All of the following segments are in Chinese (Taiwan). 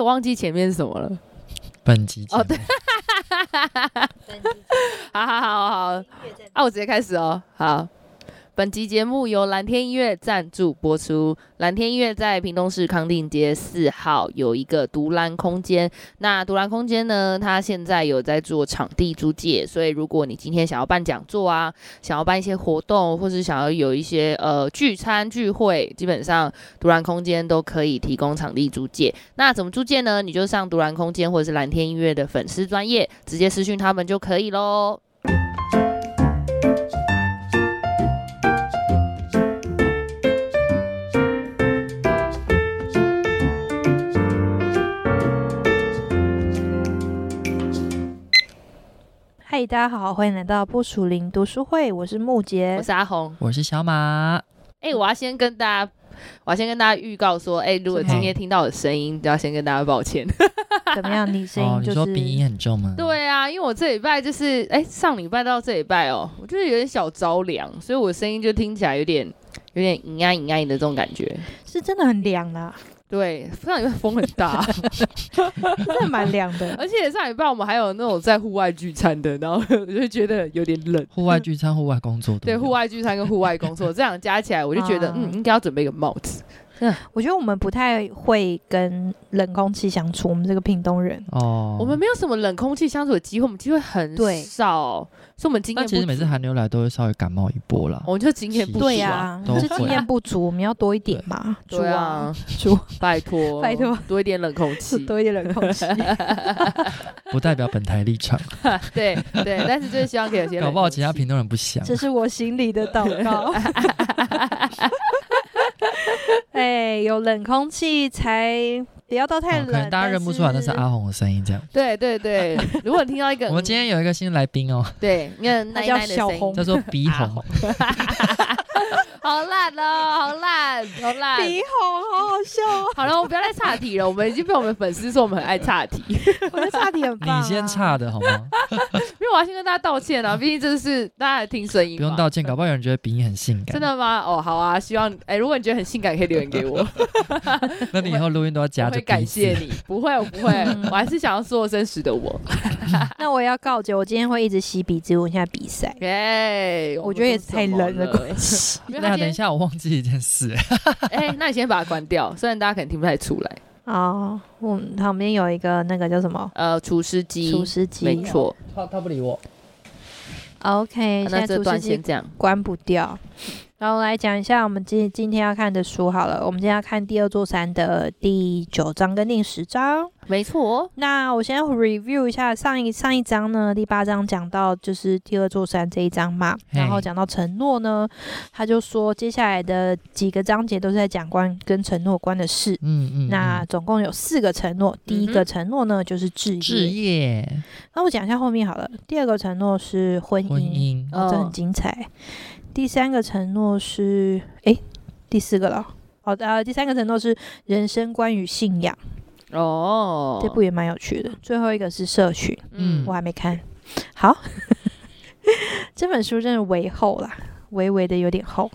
我、哎、忘記前面是什麼了，本集哦，對， 集集 好好好好，那、啊、我直接開始哦，好。本集節目由藍天音樂贊助播出。藍天音樂在屏東市康定街四號有一個獨欄空間。那獨欄空間呢？它現在有在做場地租借，所以如果你今天想要辦講座啊，想要辦一些活動，或是想要有一些呃聚餐聚會，基本上獨欄空間都可以提供場地租借。那怎麼租借呢？你就上獨欄空間或者是藍天音樂的粉絲專頁，直接私訊他們就可以嘍。 嗨，大家好，歡迎來到不署名讀書會。我是木杰，我是阿紅，我是小馬。哎、欸，我要先跟大家，我要先跟大家預告說，哎、欸，如果今天聽到我的聲音，就要先跟大家抱歉。 怎麼樣？你聲音、就是哦，你說鼻音很重嗎？對啊，因為我這禮拜就是，哎、欸，上禮拜到這禮拜哦，我就是有點小着涼，所以我聲音就聽起來有點有點硬啊硬啊硬的這種感覺，是真的很涼啊。對，上海的風很大， 真的蠻涼的。而且上海不知道我們還有那種在戶外聚餐的，然後我就覺得有點冷。戶外聚餐、戶外工作，對，戶外聚餐跟戶外工作 這樣加起來，我就覺得、啊、嗯，應該要準備個帽子。嗯，我覺得我們不太會跟冷空氣相處。我們這個屏東人哦，我們沒有什麼冷空氣相處的機會，我們機會很少。所以，我們今天其實每次寒流來都會稍微感冒一波了、哦。我們就經驗不足啊，就、啊啊啊、是經驗不足，我們要多一點嘛，對啊，對啊拜托拜托，多一點冷空氣，多一點冷空氣， 不代表本台立場。 對對，但是就是希望給有些搞不好其他屏東人不想，這是我心裡的禱告。 對、hey, 有冷空氣才不要到太冷，哦、可能大家認不出來是那是阿紅的聲音，這樣。對對對，如果你聽到一個、 嗯，我們今天有一個新來賓哦。對，你、嗯、那叫小紅，叫做鼻紅， 好爛哦，好爛，好爛，鼻紅，好好笑。好了，我不要再岔題了，我們已經被我們粉絲說我們很愛岔題， 我們岔題很棒、啊，你先岔的好嗎？ 我要先跟大家道歉啊，畢竟這是大家聽聲音。不用道歉，搞不好有人覺得鼻音很性感。 真的嗎？哦，好啊，希望哎、欸，如果你覺得很性感，可以留言給我。 那你以後錄音都要加就我會感謝你。不會，我不會， 我還是想要做真實的我。那我也要告誡我今天會一直吸鼻子，問一下比賽。耶，我覺得也是太冷了， 那、啊，等一下我忘記一件事。哎、 欸，那你先把它關掉，雖然大家可能聽不太出來。哦，我旁邊有一個那個叫什麼？呃，除濕機，除濕機，沒錯。他他不理我。OK，啊，那這段先講，關不掉。然後來講一下我們今今天要看的書好了，我們今天要看《第二座山》的第九章跟第十章。沒錯，哦，那我先要 review 一下上一上一章呢，第八章講到就是第二座山這一章嘛，然後講到承諾呢，他就說接下來的幾個章節都是在講關跟承諾關的事。嗯嗯，嗯，那總共有四個承諾，第一個承諾呢、嗯、就是志業，志業。那我講一下後面好了，第二個承諾是婚姻，婚姻，這、哦、很精彩。第三個承諾是，哎，第四個了、哦。好、哦、的、呃，第三個承諾是人生觀與信仰。哦，這部也蠻有趣的。最後一個是社群。嗯，我還沒看。好， 這本書真的微厚啦，微微的有點厚，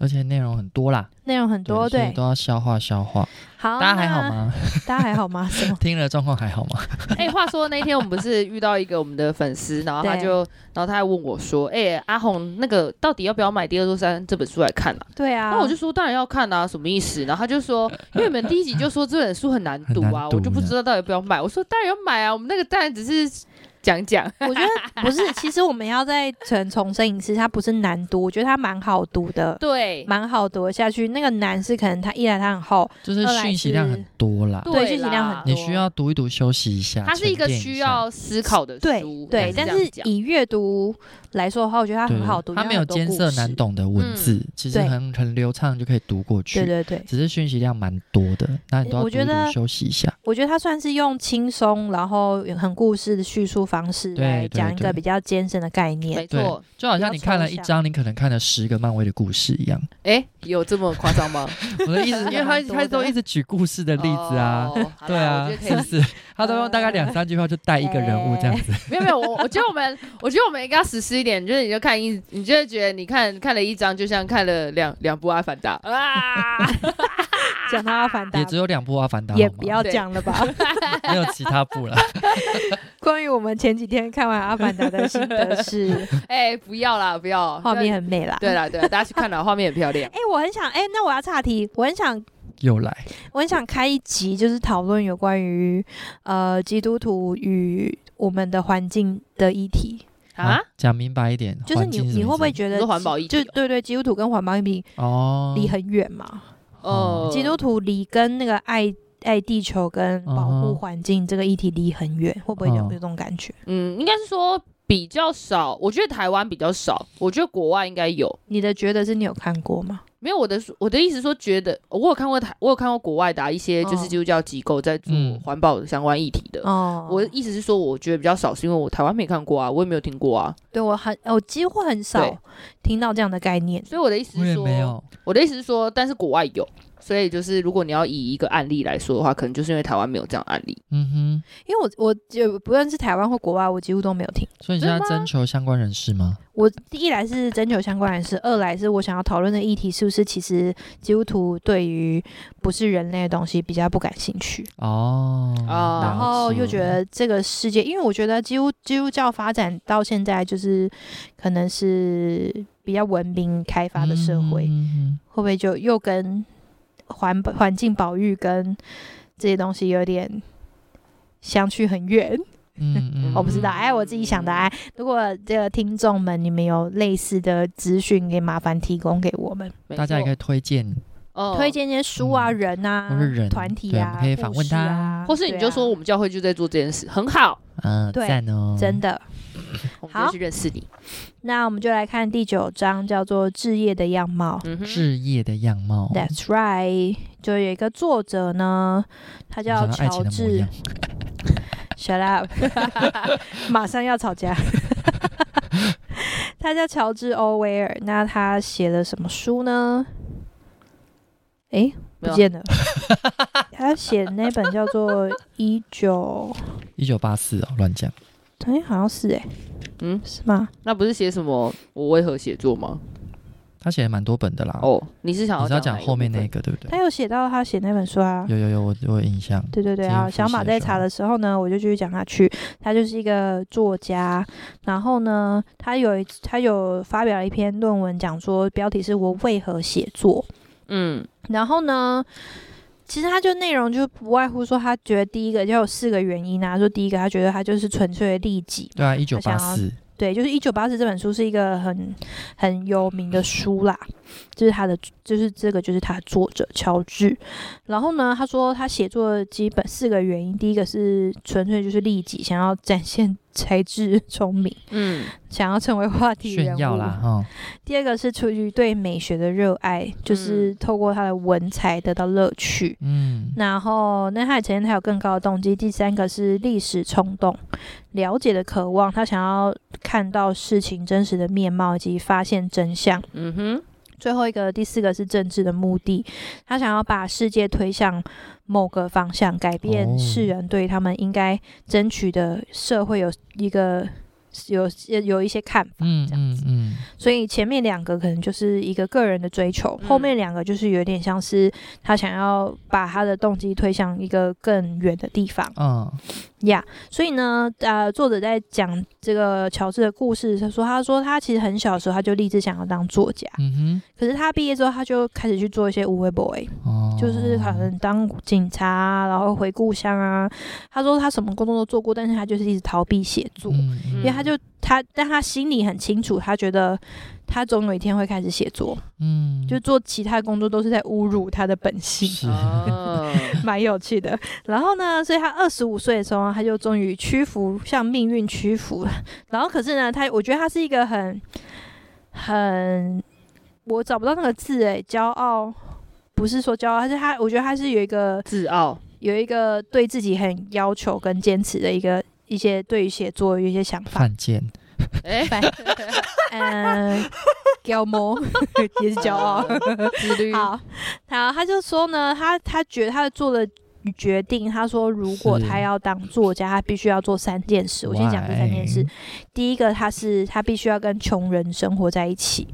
而且內容很多啦。內容很多，對，對都要消化消化。好，大家還好嗎？大家還好嗎？ 聽了狀況還好嗎？哎、 欸，話說那天我們不是遇到一個我們的粉絲，然後他就，然後他還問我說：“哎、欸，阿紅，那個到底要不要買《第二座山》這本書來看啊？對啊，那我就說當然要看啊，什麼意思？然後他就說，因為你們第一集就說這本書很難讀啊， 讀啊我就不知道到底要不要買。 我說當然要買啊，我們那個當然只是。講講，我覺得不是，其實我們要再重新審視它不是難讀，我覺得它蠻好讀的，對，蠻好讀下去。那個難是可能它一來它很厚，就是訊息量很多啦，對，啦對，訊息量很多，你需要讀一讀，休息一下。它是一個需要思考的書，對、對、就是，但是以閱讀來說的話，我覺得它很好讀，它沒有艱澀難懂的文字，嗯、其實很很流暢就可以讀過去，對對對、對，只是訊息量蠻多的，那你要多讀一讀休息一下。我覺得，我覺得它算是用輕鬆然後很故事的敘述方式來講一個比較艱深的概念，對對對對，沒錯，就好像你看了一章，你可能看了十個漫威的故事一樣。哎、欸，有這麼誇張嗎？ 我的意思， 因為他他都一直舉故事的例子啊，哦、對啊，是不是、呃？他都用大概兩三句話就帶一個人物這樣子。欸、 沒有沒有，我我覺得我們我覺得我們應該要實施一點，就是你就看一，你就會覺得你看看了一章，就像看了兩兩部阿凡達啊，講 他《阿凡達》也只有兩部阿凡達，也不要講了吧， 沒有其他部了。 關於我們前幾天看完《阿凡達》的心得是，哎、 欸，不要啦，不要，畫面很美啦。對，對啦，對啦，大家去看了，畫面很漂亮。哎、 欸，我很想，哎、欸，那我要岔題，我很想又來，我很想開一集，就是討論有關於呃基督徒與我們的環境的議題啊。講明白一點，就是你你會不會覺得環保議題、喔，就對對，基督徒跟環保議題哦離很遠嘛？哦，基督徒離跟那個愛。在地球跟保護環境這個議題離很遠、哦，會不會有這種感覺？嗯，應該是說比較少。我覺得台灣比較少，我覺得國外應該有。你的覺得是你有看過嗎？沒有，我的我的意思是說，覺得我有看過台，我有看過國外的、啊、一些就是基督教機構在做環保相關議題的。哦，我的意思是說，我覺得比較少，是因為我台灣沒看過啊，我也沒有聽過啊。對，我很我幾乎很少聽到這樣的概念，所以我的意思是說，沒有。我的意思是說，但是國外有。所以就是，如果你要以一個案例來說的話，可能就是因為台灣沒有這樣的案例。嗯哼，因為我我，我不論是台灣或國外，我幾乎都沒有聽。所以，你現在徵求相關人士嗎？是嗎？我一來是徵求相關人士，二來是我想要討論的議題是不是其實基督徒對於不是人類的東西比較不感興趣哦，哦。然後又覺得這個世界，嗯、因為我覺得基督基督教發展到現在，就是可能是比較文明開發的社會，嗯、會不會就又跟環環境保育，跟這些東西有點相去很遠，嗯嗯、 我不知道、嗯。哎，我自己想的。哎，如果這個聽眾們你們有類似的資訊，可以麻煩提供給我們，大家也可以推薦。推薦一些書啊、嗯，人啊，團體啊，可以訪問他、啊，或是你就說我們教會就在做這件事，很好，嗯、啊呃，對、哦、真的，好， 認識你。那我們就來看第九章，叫做《志業的樣貌》。志、嗯、業的樣貌，That's right，就有一個作者呢，他叫喬治 ，Shut up， 馬上要吵架， 他叫喬治·歐威爾。那他寫了什麼書呢？哎、欸，不見了。啊、 他寫那本叫做 19... 1984，喔《一九一九八四》哦、欸，亂講。欸好像是哎、欸，嗯，是嗎？那不是寫什麼我為何寫作嗎？他寫的蠻多本的啦。哦，你是想要講後面那個對不對？他有寫到他寫那本書啊。有有有，我我有印象。對對對啊！小馬在查的時候呢，我就繼續講下去。他就是一個作家，然後呢，他有他有發表了一篇論文，講說標題是我為何寫作。嗯，然後呢，其實他就內容就不外乎說，他覺得第一個就有四個原因啊。說第一個，他覺得他就是純粹的利己。對啊，他想要，一九八四，對，就是一九八四這本書是一個很很有名的書啦。 就是他的，就是這個，就是他的作者喬治。然後呢，他說他寫作的基本四個原因：第一個是純粹就是利己，想要展現才智聰明，嗯，想要成為話題人物；炫耀啦、哦。第二個是出於對美學的熱愛、嗯，就是透過他的文采得到樂趣。嗯。然後，那他也承認他有更高的動機。第三個是歷史衝動，了解的渴望，他想要看到事情真實的面貌以及發現真相。嗯哼。最後一個，第四個是政治的目的，他想要把世界推向某個方向，改變世人對他們應該爭取的社會有一個有有一些看法，這樣子。嗯嗯嗯。所以前面兩個可能就是一個個人的追求，後面兩個就是有點像是他想要把他的動機推向一個更遠的地方。嗯。呀、yeah,，所以呢，呃，作者在講這個喬治的故事，他說，他說他其實很小的時候他就立志想要當作家，嗯哼。可是他畢業之後，他就開始去做一些無為 boy，、哦、就是可能當警察、啊，然後回故鄉啊。他說他什麼工作都做過，但是他就是一直逃避寫作，嗯嗯，因為他就。他，但他心裡很清楚，他覺得他總有一天會開始寫作，嗯，就做其他工作都是在侮辱他的本性，是，蠻 有趣的。然後呢，所以他二十五歲的時候，他就終於屈服，向命運屈服了。然後，可是呢，他，我覺得他是一個很很，我找不到那個字、欸，誒，驕傲不是說驕傲，他是他，我覺得他是有一個自傲，有一個對自己很要求跟堅持的一個。一些對於寫作有一些想法，犯賤，嗯，驕傲也是驕驕傲，自律。好，好，他就說呢，他他覺得他做的決定，他說，如果他要當作家，他必須要做三件事。我先講這三件事，Why? 第一個他，他是他必須要跟窮人生活在一起。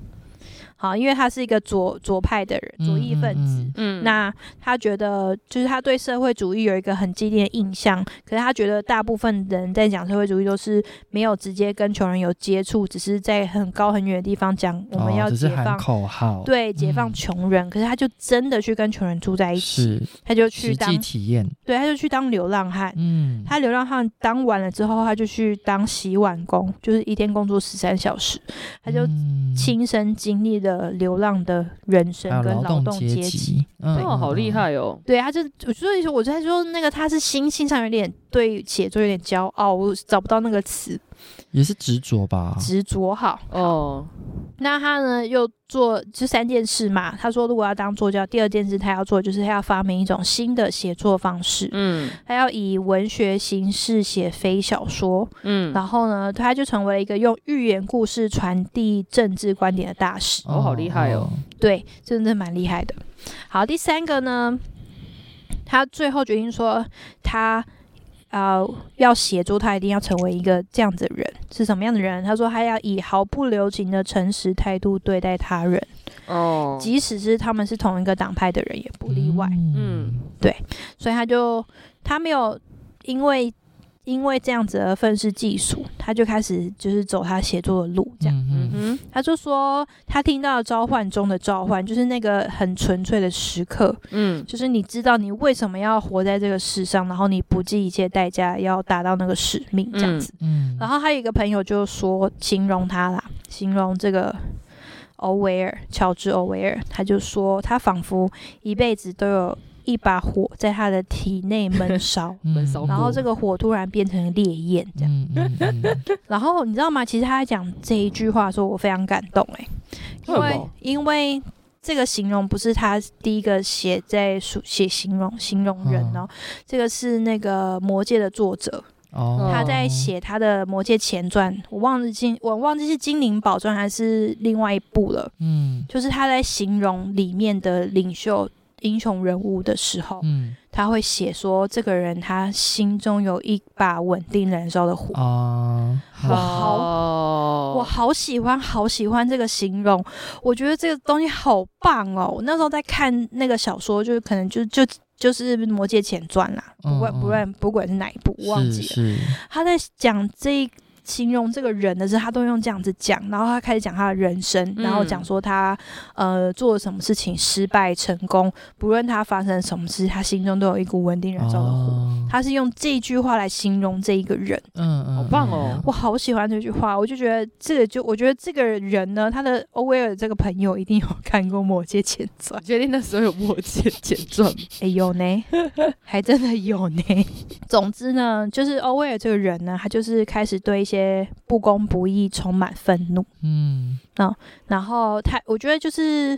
好，因為他是一個左左派的人，左、嗯、翼分子嗯。嗯，那他覺得就是他對社會主義有一個很激烈的印象，可是他覺得大部分人在講社會主義都是沒有直接跟窮人有接觸，只是在很高很遠的地方講我們要解放、哦、只是喊口號，對，解放窮人、嗯。可是他就真的去跟窮人住在一起，是他就去當實際體驗，對，他就去當流浪漢。嗯，他流浪漢當完了之後，他就去當洗碗工，就是一天工作十三小時，他就親身經歷了。嗯嗯呃，流浪的人生跟、跟勞動階級，嗯，哦，好厲害哦！對啊，他就所以說，我就在說那個，他是心性上有點對寫作有點驕傲，我找不到那個詞。也是執着吧，執着好哦。好 oh. 那他呢，又做這三件事嘛？他說，如果要當作家，第二件事他要做，就是他要發明一種新的寫作方式。嗯，他要以文學形式寫非小說。嗯，然後呢，他就成為了一個用寓言故事傳遞政治觀點的大師。哦、oh，好厲害哦！對，真的蠻厲害的。好，第三個呢，他最後決定說他。啊、uh,，要協助他，一定要成為一個這樣子的人，是什麼樣的人？他說，他要以毫不留情的誠實態度對待他人，哦、oh.，即使是他們是同一個黨派的人，也不例外。嗯、mm-hmm.，對，所以他就他沒有因為。因為這樣子而憤世嫉俗，他就開始就是走他寫作的路，這樣。嗯哼,哼，他就說他聽到召喚中的召喚，就是那個很純粹的時刻。嗯，就是你知道你為什麼要活在這個世上，然後你不計一切代價要達到那個使命這樣子。嗯嗯，然後還有一個朋友就說形容他啦，形容這個歐威爾，喬治歐威爾，他就說他仿佛一輩子都有。一把火在他的體內悶燒、 嗯，然後這個火突然變成烈焰，這樣。嗯嗯嗯、 然後你知道嗎？其實他在講這一句話，說我非常感動、欸，因為因為這個形容不是他第一個寫在寫形容形容人哦，哦，這個是那個魔戒的作者、哦，他在寫他的魔戒前傳，我忘了金，我忘記是《精靈寶鑽》還是另外一部了。嗯，就是他在形容裡面的領袖。英雄人物的時候，嗯，他會寫說，這個人他心中有一把穩定燃燒的火。哦、好好，我好，我好喜歡，好喜歡這個形容，我覺得這個東西好棒哦！我那時候在看那個小說，就是可能就就就是《魔戒前傳》啦，不管不管，哦哦、不管是哪一部，忘記了，是是他在講這。形容這個人的時候，他都用這樣子講，然後他開始講他的人生，然後講說他、嗯、呃做了什麼事情，失敗成功，不論他發生什麼事，他心中都有一股穩定燃燒的火、哦。他是用這一句話來形容這一個人。嗯，嗯好棒哦、嗯！我好喜歡這句話，我就覺得這個就我覺得這個人呢，他的歐威爾這個朋友一定有看過某些《魔戒前傳》。決定那時候有《魔戒前傳》有？哎呦呢，還真的有呢。 總之呢，就是歐威爾這個人呢，他就是開始對一些。不公不義，充滿憤怒。嗯、哦，然後他，我覺得就是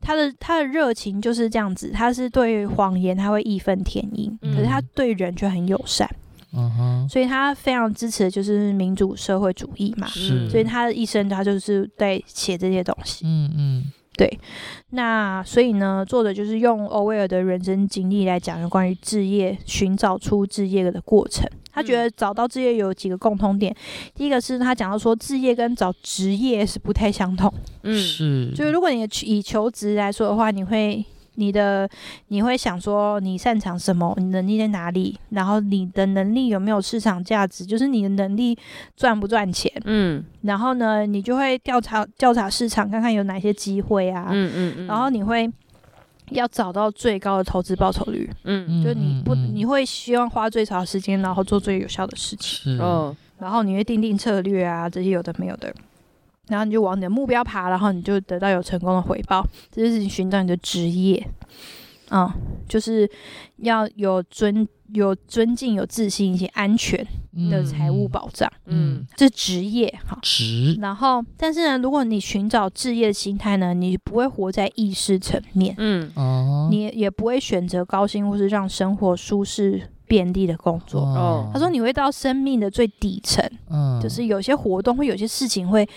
他的他的熱情就是這樣子。他是對謊言他會義憤填膺、嗯，可是他對人卻很友善。嗯哼，所以他非常支持就是民主社會主義嘛。是，所以他的一生他就是在寫這些東西。嗯嗯。對，那所以呢，作者就是用歐威爾的人生經歷來講關於志業，尋找出志業的過程。他覺得找到志業有幾個共通點，嗯、第一個是他講到說，志業跟找職業是不太相同。嗯，就是如果你以求職來說的話，你會。你的你會想說你擅長什麼，你能力在哪裡，然後你的能力有沒有市場價值，就是你的能力賺不賺錢，嗯，然後呢，你就會調查調查市場，看看有哪些機會啊，嗯，嗯嗯，然後你會要找到最高的投資報酬率，嗯，嗯，嗯，嗯，就你不，你會希望花最少的時間，然後做最有效的事情，是，哦，然後你會定定策略啊，這些有的沒有的。然後你就往你的目標爬，然後你就得到有成功的回報。這就是你尋找你的職業，嗯，就是要有尊、有尊敬、有自信，一些安全的財務保障。嗯，嗯，這職業哈職。然後，但是呢，如果你尋找志業心態呢，你不會活在意識層面，嗯，哦、你也不會選擇高薪或是讓生活舒適。遍地的工作哦，oh. 他說你會到生命的最底層，嗯、oh.，就是有些活動會有些事情會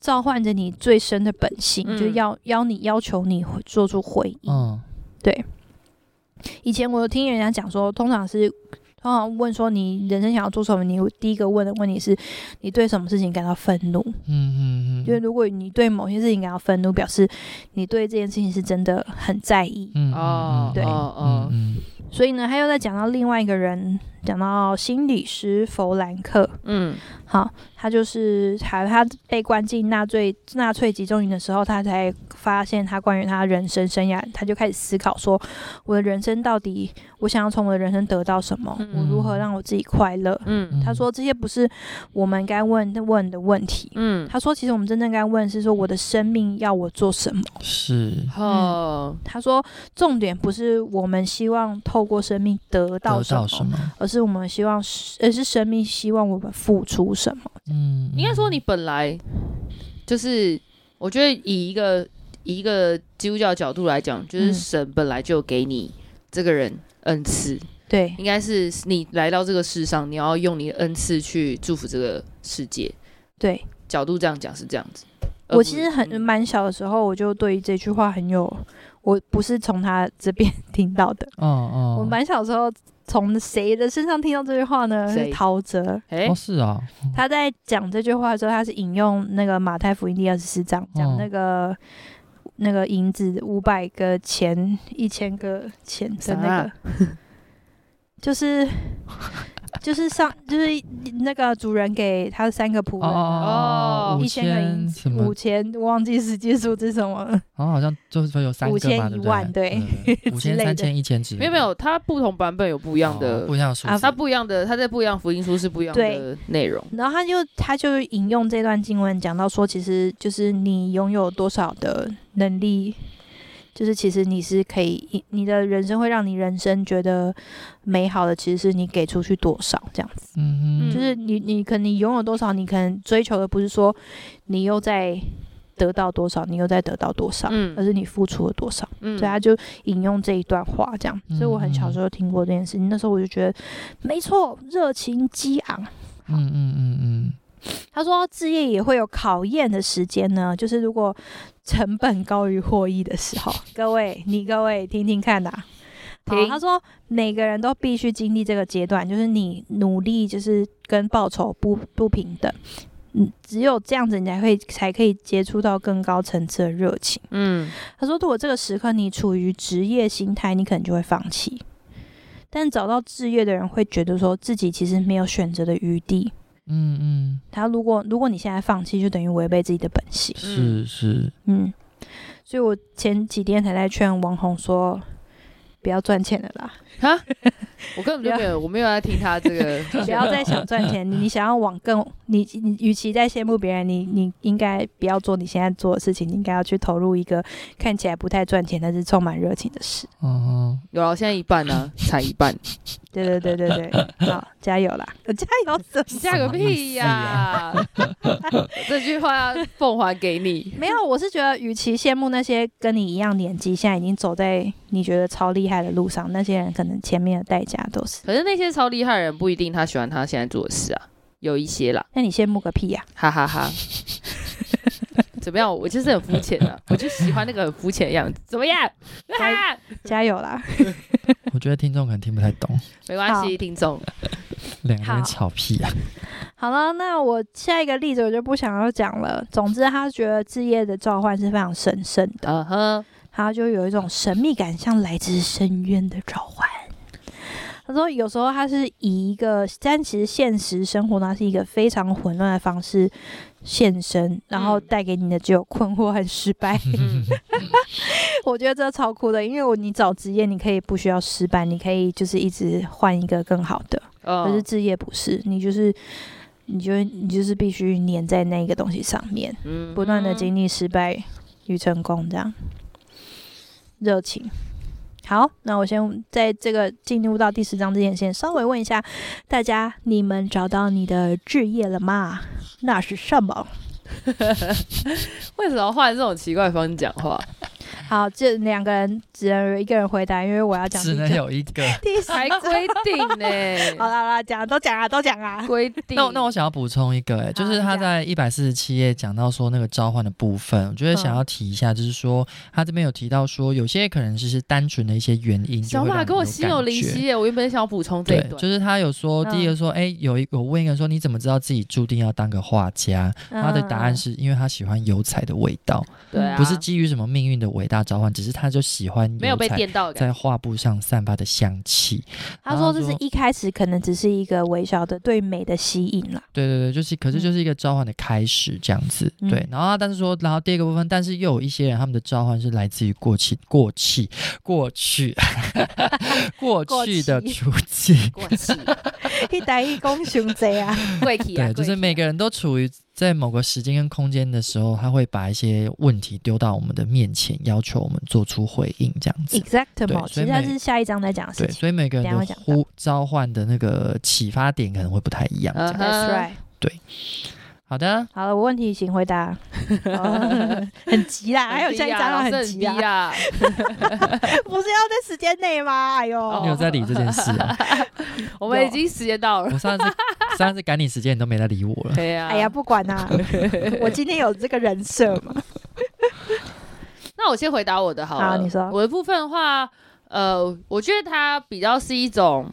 召喚着你最深的本性，mm. 就要要你要求你做出回應。Oh. 對，以前我有聽人家講說，通常是通常問說你人生想要做什麼，你會第一個問的問題是你對什麼事情感到憤怒？嗯嗯嗯，因為如果你對某些事情感到憤怒，表示你對這件事情是真的很在意。嗯、mm、哦 -hmm. mm -hmm.，對哦嗯。所以呢，他又在講到另外一個人。講到心理師弗蘭克，嗯，好，他就是，還他，他被關進納粹納粹集中營的時候，他才發現他關於他人生生涯，他就開始思考說，我的人生到底，我想要從我的人生得到什麼？嗯，我如何讓我自己快樂？嗯，他說這些不是我們該問問的問題。嗯，他說其實我們真正該問是說，我的生命要我做什麼？是，嗯，哦，他說重點不是我們希望透過生命得到什麼，而是我們希望，也、呃、是神明希望我們付出什麼？嗯，應該說你本來就是，我覺得以一個以一個基督教的角度來講，就是神本來就給你這個人恩賜，對、嗯，應該是你來到這個世上，你要用你的恩賜去祝福這個世界，對。角度這樣講是這樣子。我其實很蠻小的時候，我就對這句話很有，我不是從他這邊聽到的，哦哦、哦，我蠻小的時候。從誰的身上聽到這句話呢？是陶喆。是、欸、啊，他在講這句話的時候，他是引用那個馬太福音第二十四章講那個那個銀子五百個錢一千個錢的那個，嗯那個個個那個啊、 就是。 就是上就是那個主人給他三個僕人哦，一千五千,五千我忘記是際數是什麼、哦、好像就是說有三五千一萬對，嗯、 五千三千一千幾沒有沒有，它不同版本有不一樣的，哦、不一樣的、啊、它不一樣的，它這不一樣福音書是不一樣的內容。然後他就他就引用這段經文講到說，其實就是你擁有多少的能力。就是其實你是可以，你的人生會讓你人生覺得美好的，其實是你給出去多少這樣子。嗯嗯，就是你你可能你擁有多少，你可能追求的不是說你又在得到多少，你又在得到多少，嗯、而是你付出了多少。嗯，所以他就引用這一段話這樣，嗯。所以我很小時候聽過這件事情，那時候我就覺得沒錯，熱情激昂。好。嗯嗯嗯嗯。他說：“志業也會有考驗的時間呢，就是如果成本高於獲益的時候，各位，你各位聽聽看吶、啊哦。他說，每個人都必須經歷這個階段，就是你努力就是跟報酬不不平等，嗯，只有這樣子你才會才可以接觸到更高層次的熱情。嗯，他說，如果這個時刻你處於職業心態，你可能就會放棄。但找到志業的人會覺得說，自己其實沒有選擇的餘地。”嗯嗯，他如果如果你現在放棄，就等於違背自己的本性。是是，嗯，所以我前幾天才在勸王紅說，不要賺錢了啦。啊？我根本就沒有，我沒有在聽他這個。 不要再想賺錢， 你想要往更你你，與其在羨慕別人，你你應該不要做你現在做的事情，你應該要去投入一個看起來不太賺錢但是充滿熱情的事。哦，有了，現在一半呢、啊， 才一半。對對對對對，好，加油啦！ 加油怎什麼， 麼事、啊？加個屁呀！這句話要奉還給你。 沒有，我是覺得，與其羨慕那些跟你一樣年紀，現在已經走在你覺得超厲害的路上，那些人可能前面的代價都是。可是那些超厲害的人不一定他喜歡他現在做的事啊，有一些啦。那你羨慕個屁呀！哈哈哈。怎麼樣？我就是很膚淺的， 我就喜歡那個很膚淺的樣子。怎麼樣？啊、加油啦！ 我覺得聽眾可能聽不太懂，沒關係，聽眾。兩 個人俏皮啊，好。好了，那我下一個例子我就不想要講了。 總之，他覺得志業的召喚是非常神聖的，uh -huh. 他就有一種神秘感，像來自深淵的召喚。 他說，有時候他是以一個，但其實現實生活呢是一個非常混亂的方式。獻身，然後帶給你的只有困惑和失敗。 我覺得這超酷的，因為我你找職業，你可以不需要失敗，你可以就是一直換一個更好的。可是志業不是，你就是你就你就是必須黏在那個東西上面，不斷的經歷失敗與成功，這樣熱情。好，那我先在這個進入到第十章之前，先稍微問一下大家：你們找到你的志業了嗎？那是什麼？ 為什麼要換這種奇怪方式講話？好，這兩個人只能一個人回答，因為我要講，只能有一個，才規定呢、欸。 好啦好啦，講都講啊，都講啊。規定。那那我想要補充一個、欸，哎，就是他在一百四十七頁講到說那個召喚的部分、嗯，我覺得想要提一下，就是說他這邊有提到說有些可能只是，是單純的一些原因。小馬跟我心有靈犀耶，我原本想補充這個。就是他有說，第一個說，哎、欸，有一個，我問一個說，你怎麼知道自己注定要當個畫家、嗯？他的答案是因為他喜歡油彩的味道。對、啊，不是基於什麼命運的偉大。召喚，只是他就喜歡沒有被電到，在畫布上散發的香氣。他說，這是一開始可能只是一個微小的對美的吸引了。對對對，就是，可是就是一個召喚的開始這樣子。嗯、對，然後他但是說，然後第二個部分，但是又有一些人，他們的召喚是來自於過、過、過去呵呵 過去、過去、 過去、 過去的足跡。過去，一呆一公熊賊啊，啊，對，就是每個人都處於。在某個時間跟空間的時候，他會把一些問題丟到我們的面前，要求我們做出回應，這樣子。Exactly，對，所以其實他是下一章再講對，所以每個人呼召喚的那個啟發點可能會不太一樣，這樣。Uh -huh. 對。好的，好了，我問題請回答， 哦、很急啦很急、啊，還有現在張老師很急啦、啊。啊、 不是要在時間內嗎？哎呦、哦，你有在理這件事啊。 我們已經時間到了，我上次上次趕你時間 你都沒在理我了，對呀，哎呀，不管啦、啊， 我今天有這個人設嘛， 那我先回答我的好了，好你說我的部分的話，呃，我覺得它比較是一種，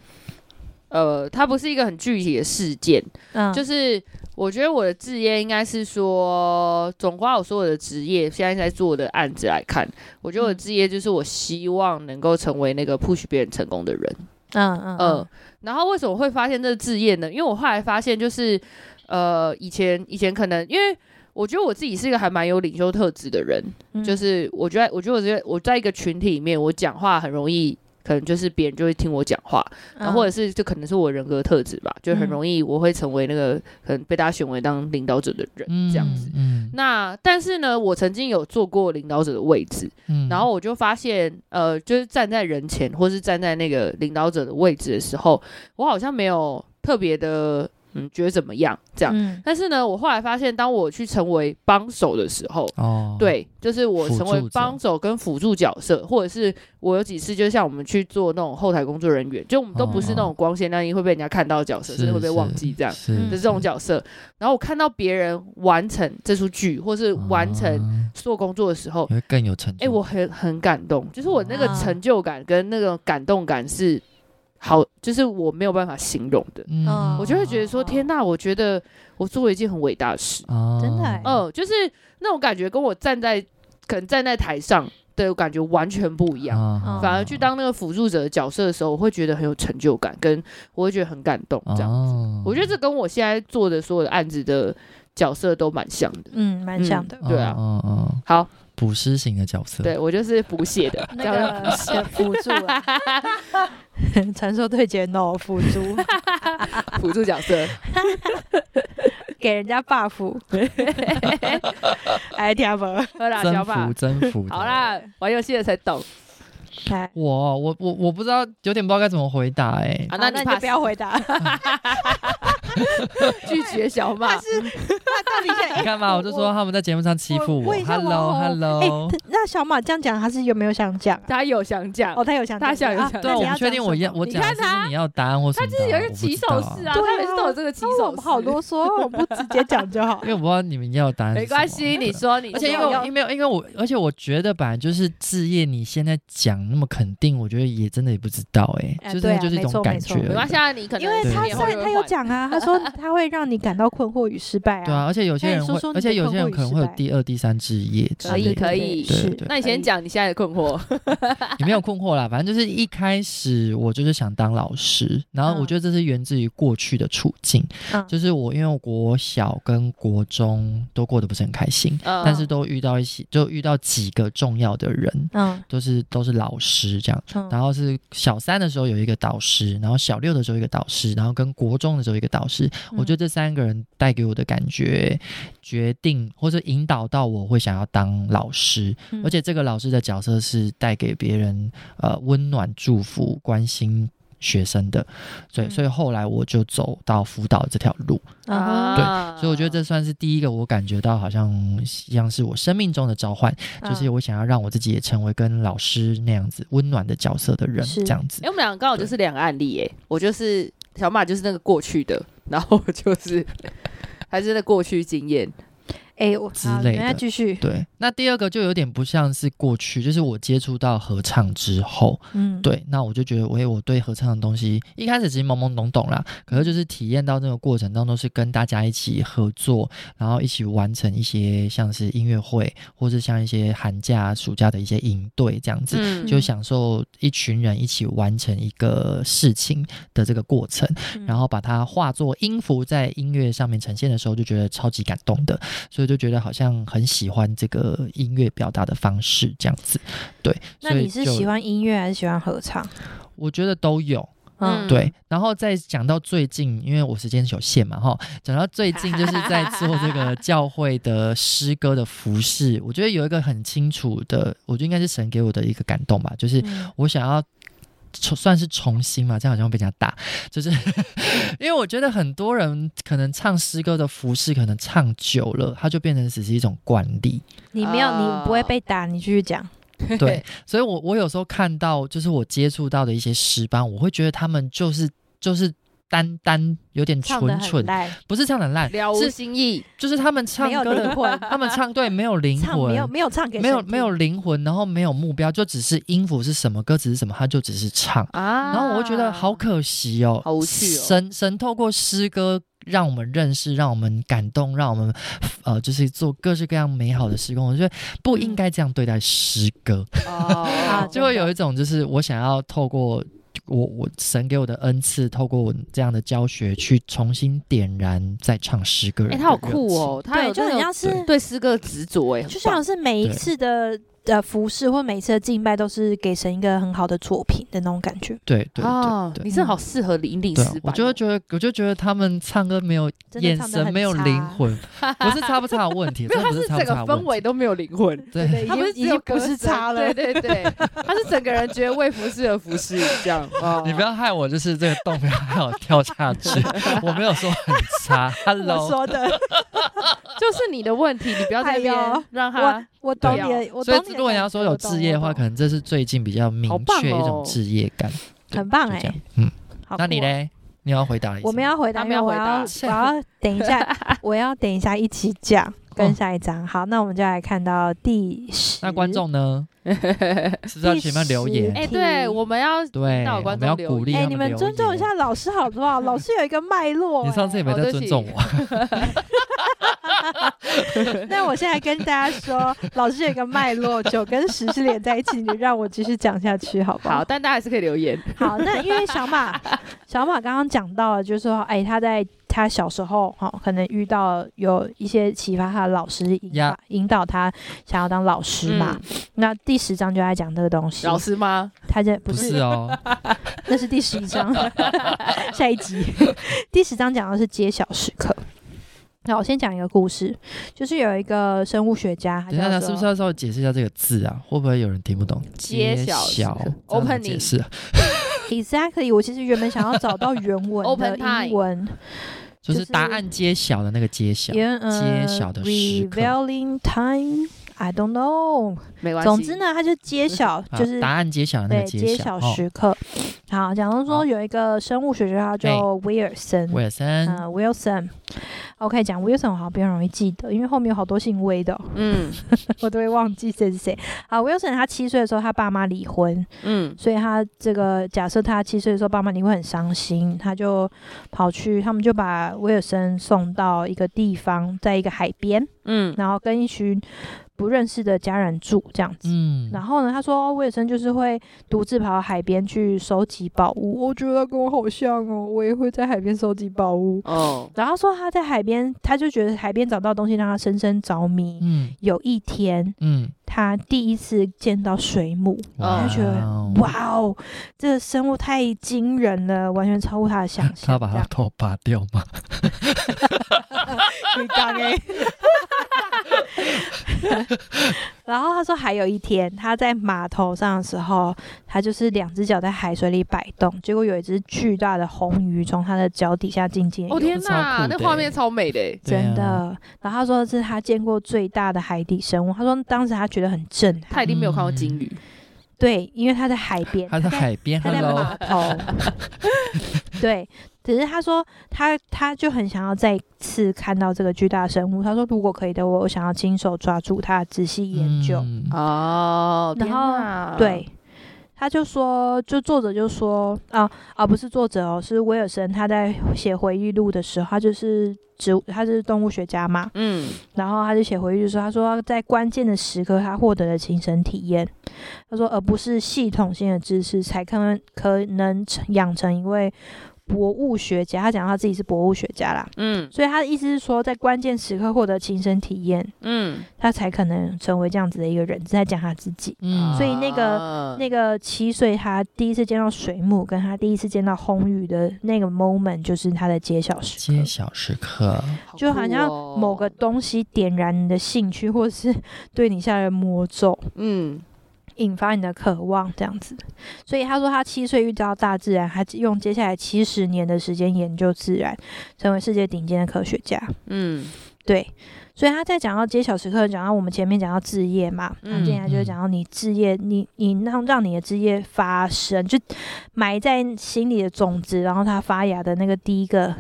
呃，它不是一個很具體的事件，嗯，就是。我覺得我的職業應該是說，總括我說我的職業，現在在做的案子，來看，我覺得我的職業就是我希望能夠成為那個 push 別人成功的人。嗯嗯，嗯。然後為什麼會發現這個職業呢？因為我後來發現，就是呃，以前以前可能，因為我覺得我自己是一個還蠻有領袖特質的人，嗯、就是我覺得，我覺得，我覺得我在一個群體裡面，我講話很容易。可能就是別人就會聽我講話，然、嗯啊、或者是就可能是我人格特質吧、嗯，就很容易我會成為那個可能被大家選為當領導者的人這樣子。嗯嗯、那但是呢，我曾經有做過領導者的位置，嗯，然後我就發現，呃，就是站在人前或是站在那個領導者的位置的時候，我好像沒有特別的。嗯，覺得怎麼樣？這樣、嗯，但是呢，我後來發現，當我去成為幫手的時候、哦，對，就是我成為幫手跟輔助角色助，或者是我有幾次，就像我們去做那種後台工作人員，就我們都不是那種光鮮亮麗會被人家看到的角色，哦、甚至會被忘記這樣，就是、是、嗯、是這種角色。嗯、然後我看到別人完成這出劇，或是完成做工作的時候，會、嗯、更有成、欸，我很很感動、嗯哦，就是我那個成就感跟那個感動感是。好，就是我沒有辦法形容的，嗯、我就會覺得說，哦、天吶、啊哦，我覺得我做了一件很偉大的事，哦、真的、欸，嗯、呃，就是那種感覺跟我站在可能站在台上的感覺完全不一樣，哦、反而去當那個輔助者的角色的時候，我會覺得很有成就感，跟我會覺得很感動，這樣子、哦。我覺得這跟我現在做的所有的案子的角色都蠻像的，嗯，蠻像的、嗯，對啊，嗯、哦哦哦，好。補師型的角色，對我就是補血的那個輔助、啊 no, 助，傳說對決 no 輔助，輔助角色， 給人家 buff，來、 欸、聽不征服征服？好啦，小寶，小好了，玩遊戲的才懂。我我我我不知道，有點不知道該怎麼回答哎、欸。啊，那你那你就不要回答。 拒絕小馬， 他是 他到底想？你看嘛、欸我，我就說他們在節目上欺負我。Hello，Hello，Hello, Hello、欸、那小馬這樣講，他是有沒有想講？他有想講、哦，他有想，他想。有想、啊。對，我確定，我講，你看他，你要答案、答案、啊，我他他就是有一個起手式啊，他每次都有這個起手式。好囉嗦，我不直接講就好。因為我不知道你們要答案、啊 要答案啊，沒關係，你說你說。而且因為我我我因為因為，我因為我，而且我覺得吧，就是志業，你現在講那麼肯定，我覺得也真的也不知道、欸，哎、欸，就是就是一種感覺、欸啊。沒關係，你可能因為他現在，他有講啊， 說他會讓你感到困惑與失敗啊！對啊，而且有些人會，你說說你，而且有些人可能會有第二、第三職業。可以可以，對，是，對，對，那你先講你現在的困惑，你 沒有困惑啦。反正就是一開始我就是想當老師，然後我覺得這是源自於過去的處境，嗯、就是我因為我國小跟國中都過得不是很開心，嗯、但是都遇到一些，就遇到幾個重要的人，嗯，都、就是都是老師這樣、嗯。然後是小三的時候有一個導師，然後小六的時候一個導師，然後跟國中的時候一個導師。是，我覺得這三個人帶給我的感覺，嗯、決定或者引導到我會想要當老師，嗯、而且這個老師的角色是帶給別人呃溫暖、祝福、關心學生的，對、嗯，所以後來我就走到輔導這條路啊，對，所以我覺得這算是第一個我感覺到好像像是我生命中的召喚、啊，就是我想要讓我自己也成為跟老師那樣子溫暖的角色的人這樣子。哎、欸，我們兩個剛好就是兩個案例、欸，哎，我就是小馬，就是那個過去的。然後就是，還是在過去經驗。哎、欸，我之類的，那繼續對。那第二個就有點不像是過去，就是我接觸到合唱之後，嗯，對，那我就覺得，喂，我對合唱的東西一開始只是懵懵懂懂啦，可是就是體驗到這個過程當中是跟大家一起合作，然後一起完成一些像是音樂會或者像一些寒假、暑假的一些營隊這樣子、嗯，就享受一群人一起完成一個事情的這個過程，嗯、然後把它化作音符在音樂上面呈現的時候，就覺得超級感動的，所以。我就覺得好像很喜歡這個音樂表達的方式這樣子，對。那你是喜歡音樂還是喜歡合唱？我覺得都有，嗯，對。然後再講到最近，因為我時間有限嘛，哈。講到最近就是在做這個教會的詩歌的服事， 我覺得有一個很清楚的，我覺得應該是神給我的一個感動吧，就是我想要。算是重新嘛，這樣好像會被人打，就是因為我覺得很多人可能唱詩歌的服飾，可能唱久了，它就變成只是一種慣例。你沒有，你不會被打，你繼續講。 對，所以我我有時候看到，就是我接觸到的一些詩班，我會覺得他們就是就是。單單有點蠢蠢，得很不是唱得爛，是心意，就是他們唱歌的， 他們唱對沒有靈魂，沒有沒有，沒有唱給沒有沒有靈魂，然後沒有目標，就只是音符是什麼，歌詞是什麼，他就只是唱啊，然後我會覺得好可惜哦，好無趣哦，神神透過詩歌讓我們認識，讓我們感動，讓我們呃，就是做各式各樣美好的事工，我覺得不應該這樣對待詩歌，嗯 啊 啊、就會有一種就是我想要透過。我我神給我的恩賜，透過我這樣的教學去重新點燃，再唱詩歌，人、欸。哎，他好酷哦，他就很像是對詩歌執着哎，就像是每一次的。的、呃、服飾或每一次的敬拜都是給神一個很好的作品的那種感覺。對對對，對、oh, 對，你是好適合林林、哦。絲、嗯啊。我就覺得，我就覺得他們唱歌沒有眼神，沒有靈魂，不是差不差的問題， 不是差不差問題沒有，他是整個氛圍都沒有靈魂。對，對他們只有格不是差了。對對對， 他是整個人覺得為服飾而服飾一樣 哦。你不要害我，就是這個洞不要害我跳下去。 我沒有說很差，Hello、我說的， 就是你的問題，你不要害編、哦，讓他我，我懂你，我懂你。如果你要說有志業的話，可能這是最近比較明確一種志業感，很棒哎、喔。嗯，那你呢？你要回答一下。我們要回答，我要們要回答，我沒有回答。我要等一下， 我要等一下一起講，跟下一章、哦。好，那我們就來看到第十。那觀眾呢？ 是在前面留言。哎 對，我們要引導，我們要鼓勵。哎、欸，你們尊重一下老師好不好？ 老師有一個脈絡。你上次也沒在尊重我。哦 那我現在跟大家說， 老師有一個脈絡，九 跟十是連在一起，你讓我繼續講下去好不好？好，但大家還是可以留言。好，那因為小馬， 小馬剛剛講到了，就是說，哎、欸，他在他小時候，哈、哦，可能遇到有一些啟發他的老師引、yeah.，引導他想要當老師嘛。嗯、那第十章就在講這個東西，老師嗎？他在不是，不是哦，那 是第十一章， 下一集， 第十章講的是揭曉時刻。那我先講一個故事，就是有一個生物學家。等一下他是不是要稍微解釋一下這個字啊？會不會有人聽不懂？揭曉。Open 解釋、啊。 exactly，我其實原本想要找到原文的英文，就是、就是、答案揭曉的那個揭曉 yeah、uh, 揭曉的時刻。Revealing time，I don't know。沒關係。總之呢，他就揭曉， 就是答案揭曉的那個揭曉時刻、哦。好，假如說有一個生物學家叫威爾森，威爾森，嗯，威爾森。OK，講威爾森我好像比較容易記得，因為後面有好多姓威的、喔，嗯， 我都會忘記誰是誰。好，威爾森他七歲的時候，他爸媽離婚，嗯，所以他這個假設他七歲的時候爸媽離婚很傷心，他就跑去，他們就把威爾森送到一個地方，在一個海邊，嗯，然後跟一群。不認識的家人住這樣子，嗯，然後呢，他說魏生就是會獨自跑到海邊去收集寶物，我覺得他跟我好像哦，我也會在海邊收集寶物，oh. 然後說他在海邊，他就覺得海邊找到東西讓他深深着迷，嗯，有一天，嗯。他第一次見到水母，他就覺得、wow. 哇哦，這個生物太驚人了，完全超過他的想象。他要把他頭拔掉嗎？你講的。然後他說，還有一天他在碼頭上的時候，他就是兩隻腳在海水裡擺動，結果有一隻巨大的紅魚從他的腳底下進階。哦天哪，那畫面超美的，真的、啊。然後他說是他見過最大的海底生物。他說當時他覺得很震撼。他一定沒有看到鯨魚、嗯，對，因為他在海邊。 他，在他在海邊，他在，他他在碼頭。 對。只是他說他，他他就很想要再次看到這個巨大生物。他說，如果可以的話，我想要親手抓住他，仔細研究、嗯、哦。然後，對，他就說，就作者就說啊而、啊、不是作者哦，是威爾森。他在寫回憶錄的時候，他就是植物，他是動物學家嘛，嗯。然後他就寫回憶錄說，他說在關鍵的時刻，他獲得了親身體驗。他說，而不是系統性的知識，才可能可能養成一位。博物學家，他講他自己是博物學家啦，嗯，所以他的意思是說，在關鍵時刻獲得親身體驗，嗯，他才可能成為這樣子的一個人，正在講他自己，嗯，所以那個那個七歲他第一次見到水母，跟他第一次見到紅雨的那個 moment 就是他的揭曉時刻，揭曉時刻，就好像某個東西點燃你的興趣，哦、或者是對你下了魔咒，嗯。引發你的渴望，這樣子。所以他說，他七歲遇到大自然，還用接下來七十年的時間研究自然，成為世界頂尖的科學家。嗯，對。所以他在講到揭曉時刻，講到我們前面講到志業嘛，然後接下來就講到你志業，你你讓讓你的志業發生，就埋在心裡的種子，然後它發芽的那個第一個。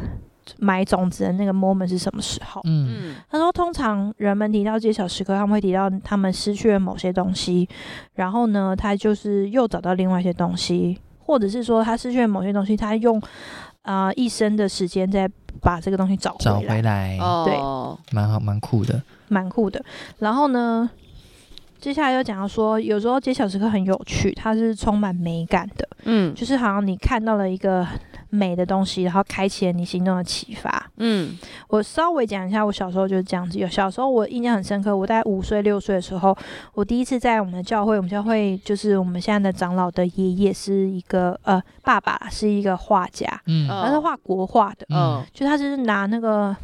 買種子的那個 moment 是什麼時候？嗯，他說，通常人們提到這些小時刻，他們會提到他們失去了某些東西，然後呢，他就是又找到另外一些東西，或者是說他失去了某些東西，他用啊、呃、一生的時間再把這個東西找回來找回來。哦，對，蠻好，蠻酷的，蠻酷的。然後呢？接下來要講到說，有時候這些小時刻很有趣，它是充滿美感的。嗯，就是好像你看到了一個美的東西，然後開啟了你心中的啟發。嗯，我稍微講一下，我小時候就是這樣子。有小時候我印象很深刻，我在五歲六歲的時候，我第一次在我們的教會，我們教會就是我們現在的長老的爺爺是一個呃爸爸，是一個畫家。嗯，他是畫國畫的。嗯，就他就是拿那個。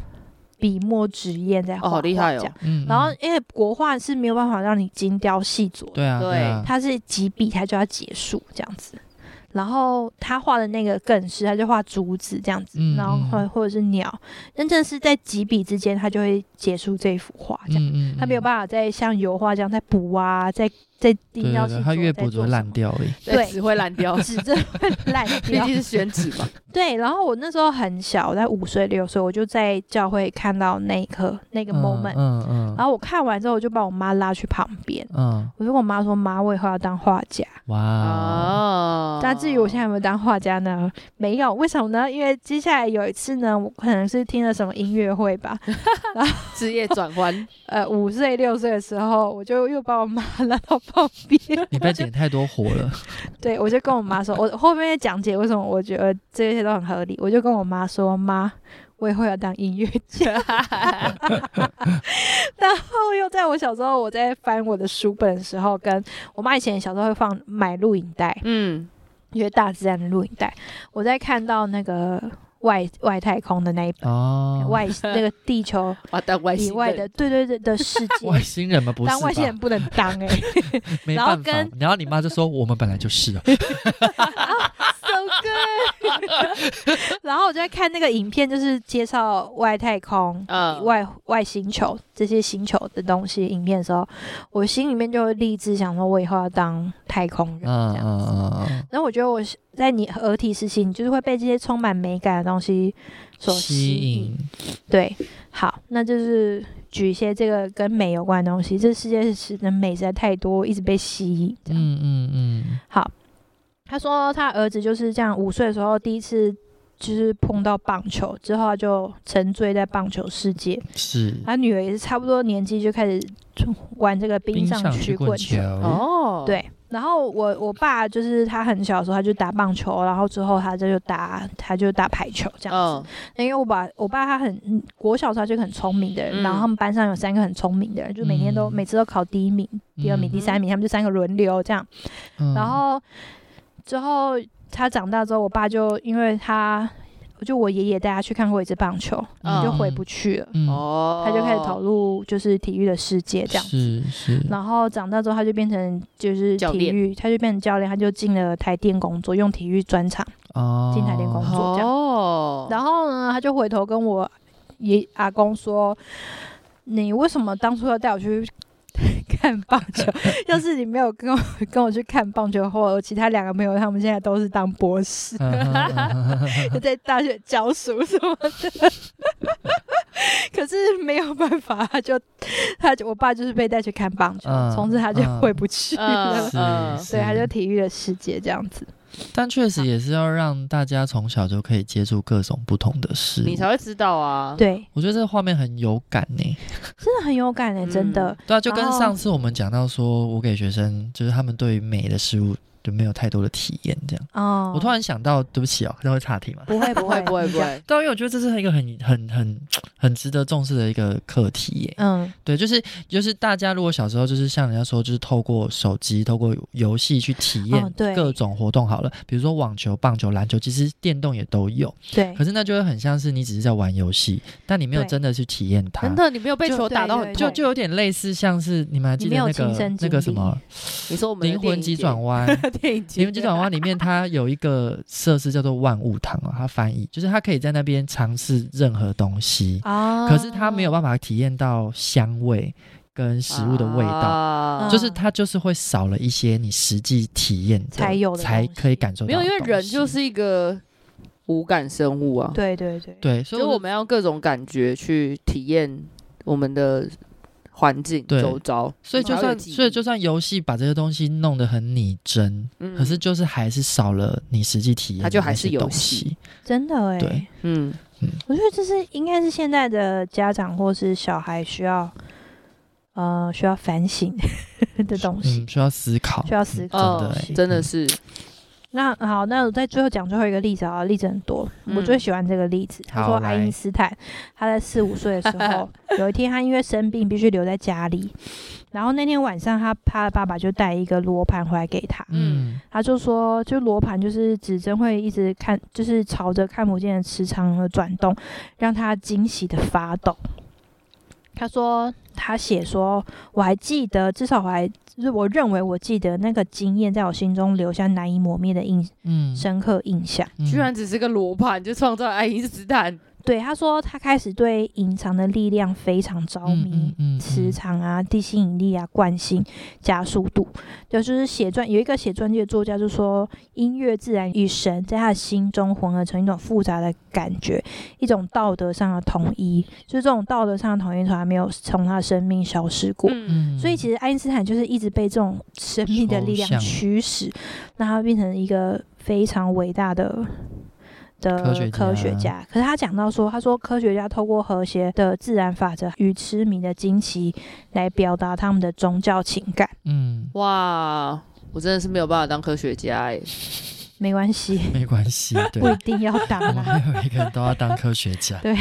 筆墨紙硯在畫這樣，哦好厲害哦，嗯嗯，然後因為國畫是沒有辦法讓你精雕細琢的，對啊，對啊，它是幾筆它就要結束這樣子。然後他畫的那個更是，他就畫竹子這樣子，嗯嗯然後或或者是鳥，真正是在幾筆之間，他就會結束這一幅畫，這樣，他、嗯嗯嗯、沒有辦法再像油畫這樣再補啊，再。在定調，他越不、欸，做爛掉，對，只會爛掉，只會爛，畢 竟是宣紙嘛。對，然後我那時候很小，我在五歲六歲，我就在教會看到那一刻那個 moment、嗯嗯嗯、然後我看完之後，我就把我媽拉去旁邊，嗯，我就跟我媽說，媽，我以後要當畫家。哇，但那至於我現在有沒有當畫家呢？沒有，為什麼呢？因為接下來有一次呢，我可能是聽了什麼音樂會吧， 然後職業轉彎。 呃，五歲六歲的時候，我就又把我媽拉到。 你在點太多火了。 對，我就跟我媽說，我後面講解為什麼我覺得這些都很合理。我就跟我媽說：“媽，我以後要當音樂家。 ”然後又在我小時候，我在翻我的書本的時候，跟我媽以前小時候會放買錄影帶，嗯，一些大自然的錄影帶。我在看到那個。外外太空的那一本，哦、外那、這個地球以外的，啊、外外的對，對對對的世界，外星人嘛，不是，當外星人不能當誒、欸 ，沒辦法，然後跟，然後你媽就說我們本來就是啊。 然後我就在看那個影片，就是介紹外太空，uh. 外外星球這些星球的東西。影片的時候，我心裡面就會立志，想說我以後要當太空人，uh. 這樣子。然後我覺得我在你孩提時期，你就是會被這些充滿美感的東西所吸引，吸引。對，好，那就是舉一些這個跟美有關的東西。這世界是美實在太多，一直被吸引這樣。嗯嗯嗯，好。他說他兒子就是這樣，五歲的時候第一次就是碰到棒球，之後他就沉醉在棒球世界。是，他女兒也是差不多年紀就開始就玩這個冰上曲棍球，曲棍球。哦，對。然後我我爸就是他很小的時候他就打棒球，然後之後他就打他就打排球這樣子。哦、因為我爸我爸他很國小時候他就很聰明的人、嗯，然後他們班上有三個很聰明的人，就每天都、嗯、每次都考第一名、第二名、嗯、第三名，他們就三個輪流這樣。嗯、然後。之後，他長大之後，我爸就因為他，就我爺爺帶他去看過一次棒球，嗯、然後就回不去了。哦、嗯，他就開始投入就是體育的世界這樣子。然後長大之後，他就變成就是體育，他就變成教練，他就進了台電工作，用體育專長哦進台電工作這樣。哦。然後呢，他就回頭跟我爺阿公說：“你為什麼當初要帶我去？”看棒球，要是你沒有跟我跟我去看棒球，或我其他兩個朋友他們現在都是當博士，就、嗯嗯嗯、 在大學教書什麼的。 可是沒有辦法，他就他就我爸就是被帶去看棒球，從、嗯、此他就回不去了。嗯、 對，他就體育的世界這樣子。但確實也是要讓大家從小就可以接觸各種不同的事物，你才會知道啊。對，我覺得這個畫面很有感呢、欸，真的很有感呢、欸嗯。真的。對啊，就跟上次我們講到說，我給學生就是他們對於美的事物。就沒有太多的體驗，這樣哦。Oh. 我突然想到，對不起哦，這會岔題嗎？不會，不會， 不，會不會，不會，不會。對、啊，因為我覺得這是一個很、很、很、很值得重視的一個課題、欸。嗯，對，就是就是大家如果小時候就是像人家說，就是透過手機、透過遊戲去體驗各種活動好了、oh，比如說網球、棒球、籃球，其實電動也都有。對。可是那就會很像是你只是在玩遊戲，但你沒有真的去體驗它。真的，你沒有被球打到，就對對對，就、就有點類似像是你們還記得那個那個什麼？你說我們靈魂急轉彎。 因為《機動娃娃》裡面，它有一個設施叫做“萬物堂”啊，它翻譯就是它可以在那邊嘗試任何東西、啊、可是它沒有辦法體驗到香味跟食物的味道、啊，就是它就是會少了一些你實際體驗、啊、才有的，才可以感受到。沒有，因為人就是一個無感生物啊，對對對對，所以我們要各種感覺去體驗我們的。環境，周遭，所以就算，所以就算遊戲把這些東西弄得很擬真，嗯，可是就是還是少了你實際體驗，它就還是遊戲，真的哎，嗯嗯，我覺得這是應該是現在的家長或是小孩需要，呃，需要反省 的東西，嗯，需要思考，需要思考，對，嗯欸哦，真的是。嗯那好，那我在最後講最後一個例子啊，例子很多、嗯，我最喜歡這個例子。他說愛因斯坦他在四五歲的時候， 有一天他因為生病必須留在家裡，然後那天晚上他他的爸爸就帶一個羅盤回來給他，嗯、他就說就羅盤就是指針會一直看就是朝着看不見的磁場的轉動，讓他驚喜的發抖。他說他寫說我還記得至少我還。就是，我認為我記得那個經驗，在我心中留下難以磨滅的印嗯，深刻印象。嗯、居然只是個羅盤，就創造了愛因斯坦。對，他說他開始對隱藏的力量非常着迷、嗯嗯嗯嗯，磁場啊、地心引力啊、慣性、加速度，對，就是寫傳有一個寫傳記的作家就說，音樂、自然與神在他的心中混合成一種複雜的感覺，一種道德上的統一，就是這種道德上的統一從來沒有從他的生命消失過、嗯，所以其實愛因斯坦就是一直被這種神秘的力量驅使，讓他變成一個非常偉大的。的科學，科，學科學家，可是他講到說，他說科學家透過和諧的自然法則與癡迷的驚奇來表達他們的宗教情感。嗯，哇，我真的是沒有辦法當科學家，哎，沒關係， 沒關係，不一定要當每、啊、 個人都要當科學家。 對，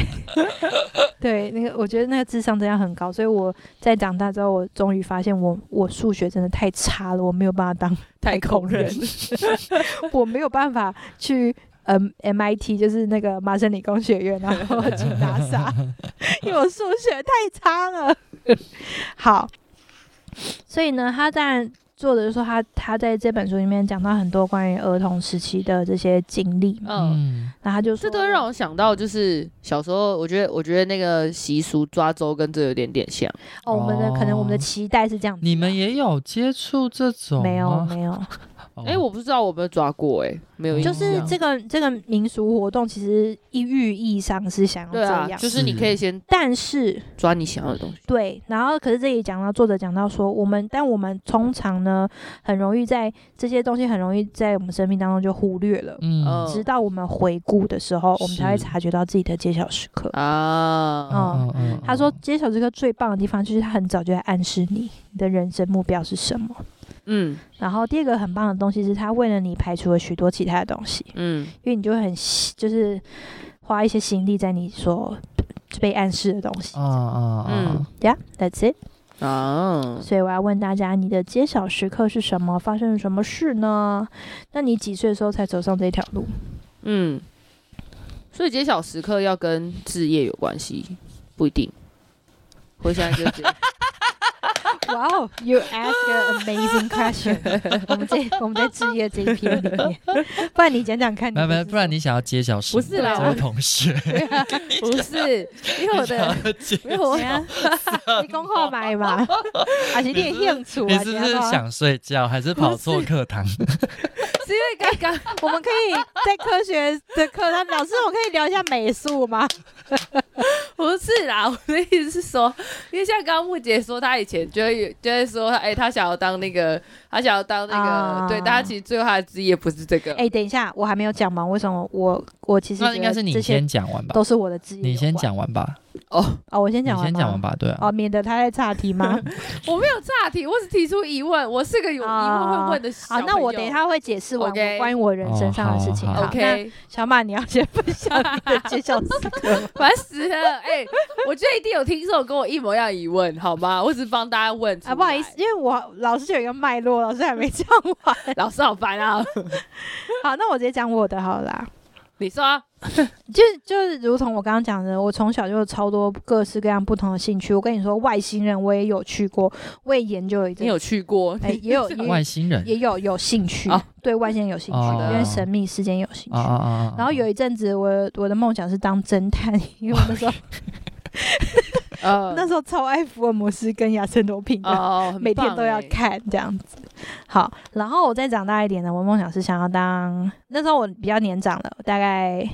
對，那個我覺得那個智商真的很高，所以我在長大之後，我終於發現我我數學真的太差了，我沒有辦法當太空人，空人 我沒有辦法去。M、嗯、MIT 就是那個麻省理工學院，然後請大廈。 因為我數學太差了。 好，所以呢，他在做的就是說他，他他在這本書裡面講到很多關於兒童時期的這些經歷、嗯。嗯，那他就說，這都讓我想到，就是小時候，我覺得，我覺得那個習俗抓周跟這有點點像。哦，哦我們的可能我們的期待是這樣子，你們也有接觸這種？沒有，沒有。哎、欸，我不知道我們有沒有抓過哎、欸，沒有。就是這個這個民俗活動，其實一寓意,意義上是想要這樣。對啊、就是你可以先、嗯，但是抓你想要的東西。對，然後可是這裡講到作者講到說，我們但我們通常呢，很容易在這些東西很容易在我們生命當中就忽略了，嗯，直到我們回顧的時候，我們才會察覺到自己的揭曉時刻啊啊、嗯嗯嗯嗯！他說揭曉時刻最棒的地方，就是他很早就在暗示你，你的人生目標是什麼。嗯，然後第二個很棒的東西是，他為了你排除了許多其他的東西。嗯，因為你就會很就是花一些心力在你所被暗示的東西。啊，啊，啊，啊，嗯，對呀、yeah, that's it。啊，啊，所以我要問大家，你的揭曉時刻是什麼？發生了什麼事呢？那你幾歲的時候才走上這條路？嗯，所以揭曉時刻要跟志業有關係，不一定。回想一下 哇、wow, 哦，You ask an amazing question 我。我們這我們在志業這一篇裡面，不然你講講看不沒沒。不然你想要揭曉是、啊、不是，這位同學 你想要笑、啊，不是，因為我的，因為我你講話慢嘛， 還是有點應付。你是不是,是想睡覺， 是還是跑錯課堂？ 因為剛剛、欸、我們可以在科學的課， 老師，我可以聊一下美術嗎？ 不是啦，我的意思是說，因為像剛剛木姐說，他以前覺得覺得說，哎、欸，他想要當那個。他想要當那個、uh, 對，大家其實最後他的職業也不是這個。哎、欸，等一下，我還沒有講完，為什麼我我其實那應該是你先講完吧？都是我的職業，你的業。你先講完吧。哦、oh，哦，我先講完。你先講完吧，對哦、啊，oh, 免得他在岔題嗎？ 我沒有岔題，我只提出疑問。我是個有疑問會問的。Uh, 好，那我等一下會解釋、okay. 我關於我人生上的事情。Oh, OK，小馬你要先分享，你的介紹。煩 死了。哎、欸，我覺得一定有聽眾跟我一模一樣疑問，好嗎？我只幫大家問啊，不好意思，因為我老是有一個脈絡。老師還沒講完， 老師好煩啊！好，那我直接講我的好了啦。你說，就就是如同我剛剛講的，我從小就有超多各式各樣不同的興趣。我跟你說，外星人我也有去過，我也研究了一陣。你有去過？哎、欸，也有也外星人，也有有興趣、啊、對外星人有興趣、哦，因為神秘事件有興趣。哦、然後有一陣子我，我我的夢想是當偵探、哦，因為我的時候。嗯， 那時候超愛福爾摩斯跟亞森羅蘋的，oh, 每天都要看這樣子。Oh, 好，然後我再長大一點呢，我夢想是想要當那時候我比較年長了，大概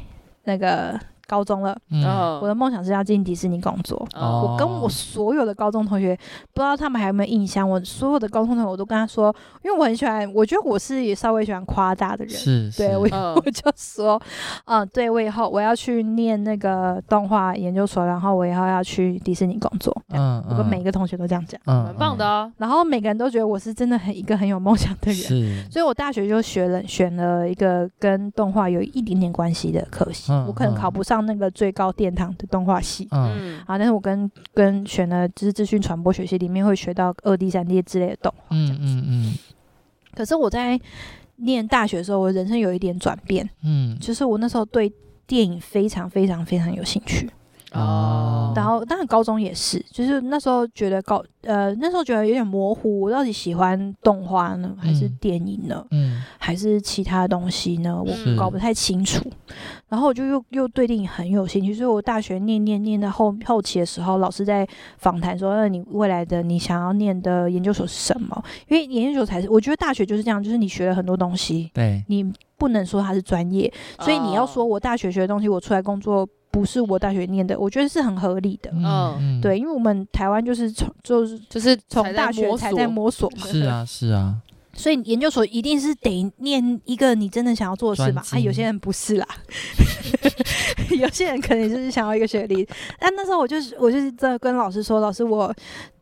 那個。高中了，嗯、我的夢想是要進迪士尼工作，嗯。我跟我所有的高中同學，不知道他們還有沒有印象我。我所有的高中同學，我都跟他說，因為我很喜歡，我覺得我是也稍微喜歡誇大的人。是，是對我、嗯、我就說，嗯，對我以後我要去念那個動畫研究所，然後我以後要去迪士尼工作。嗯，嗯，我跟每一個同學都這樣講，嗯，很棒的，哦嗯。然後每個人都覺得我是真的很一個很有夢想的人。所以我大學就學了選了一個跟動畫有一點點關係的科系，嗯，我可能考不上。那個最高殿堂的動畫系，嗯，啊，但是我跟跟選了就是資訊傳播學系，裡面會學到二 D、三 D 之類的動畫。嗯，嗯，嗯。可是我在念大學的時候，我人生有一點轉變，嗯，就是我那時候對電影非常非常非常有興趣。哦，然後當然高中也是，就是那時候覺得高呃，那時候覺得有點模糊，我到底喜歡動畫呢，還是電影呢，嗯，還是其他的東西呢？我搞不太清楚。然後我就又又對電影很有興趣，所以我大學念念念到後後期的時候，老師在訪談說：“那你未來的你想要念的研究所是什麼？”因為研究所才是，我覺得大學就是這樣，就是你學了很多東西，對你不能說它是專業，所以你要說我大學學的東西，我出來工作。不是我大學念的，我覺得是很合理的。嗯，對，因為我們台灣就是從就，就是就是從大學才在摸索，是啊是啊。 所以研究所一定是得念一個你真的想要做的事吧？啊、哎，有些人不是啦， 有些人可能就是想要一個學歷。 但那時候我就是我就是在跟老師說，老師我